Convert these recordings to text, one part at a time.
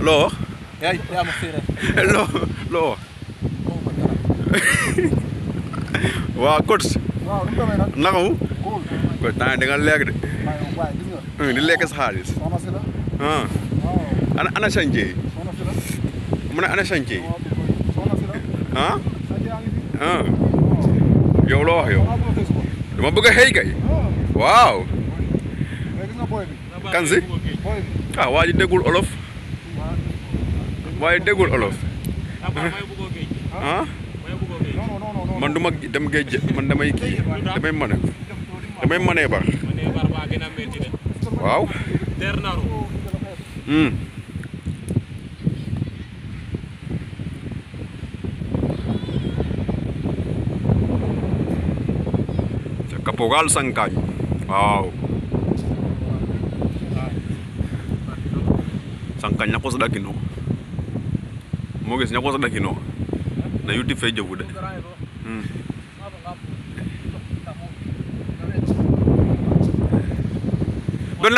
loo wax. yaa yaa ma loo loo wax. waaw nag. naka mu. nga lekk de. Hm, di lekk sa xaalis. Hm. ana ana mu ne ana chantier yi. ah. yow loo wax yow. dama bëgg kay. waaw. kan ah waa ji déggul olof waaye déggul olof ah man du ma dem géej man damay kii damay mane damay manee bar waaw Capogal hmm. Sangkayu. Wow. Sangkanya ñako sada kino mo gis ñako sada kino na yuti fe jobu de hmm.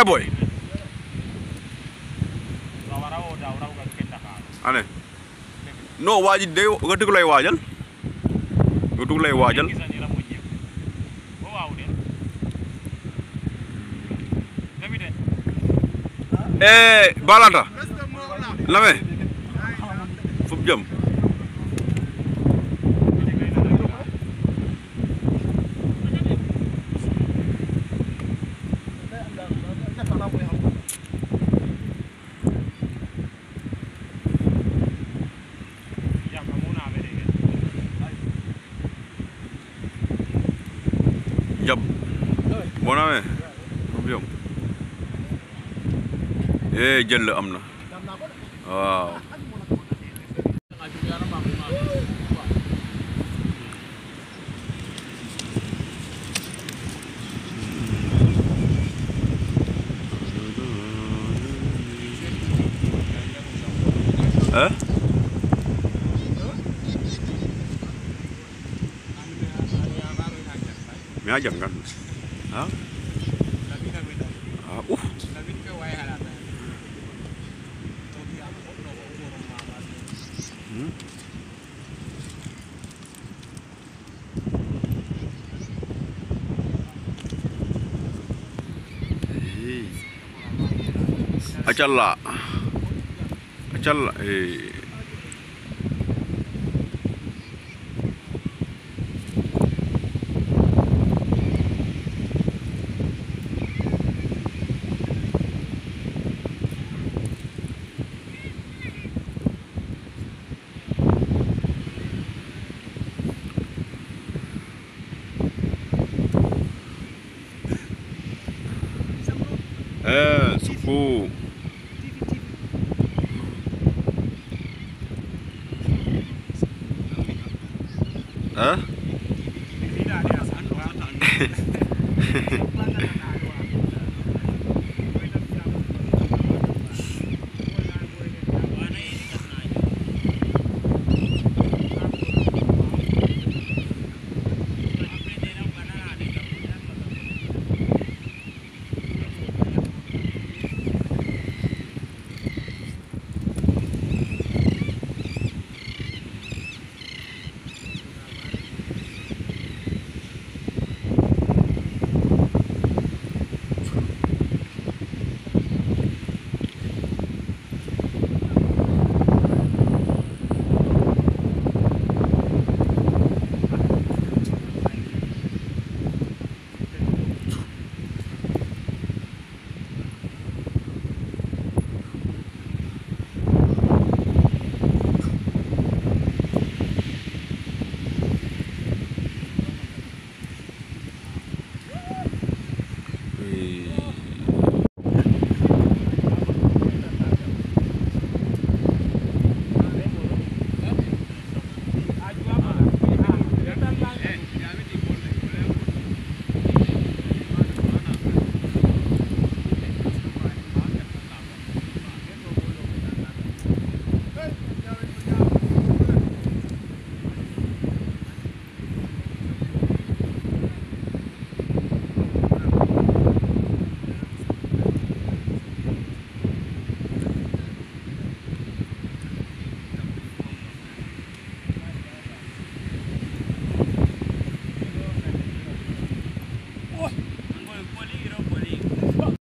boy ane no wajib de gatuk lay wajal gatuk lay wajal eh Balata Lamé fu mu jëm Jump. Bon ami. Jump eh jël lợm nữa. Wow. waaw Huh? Mẹ chẳng cần. Hả? acal lah eh 啊？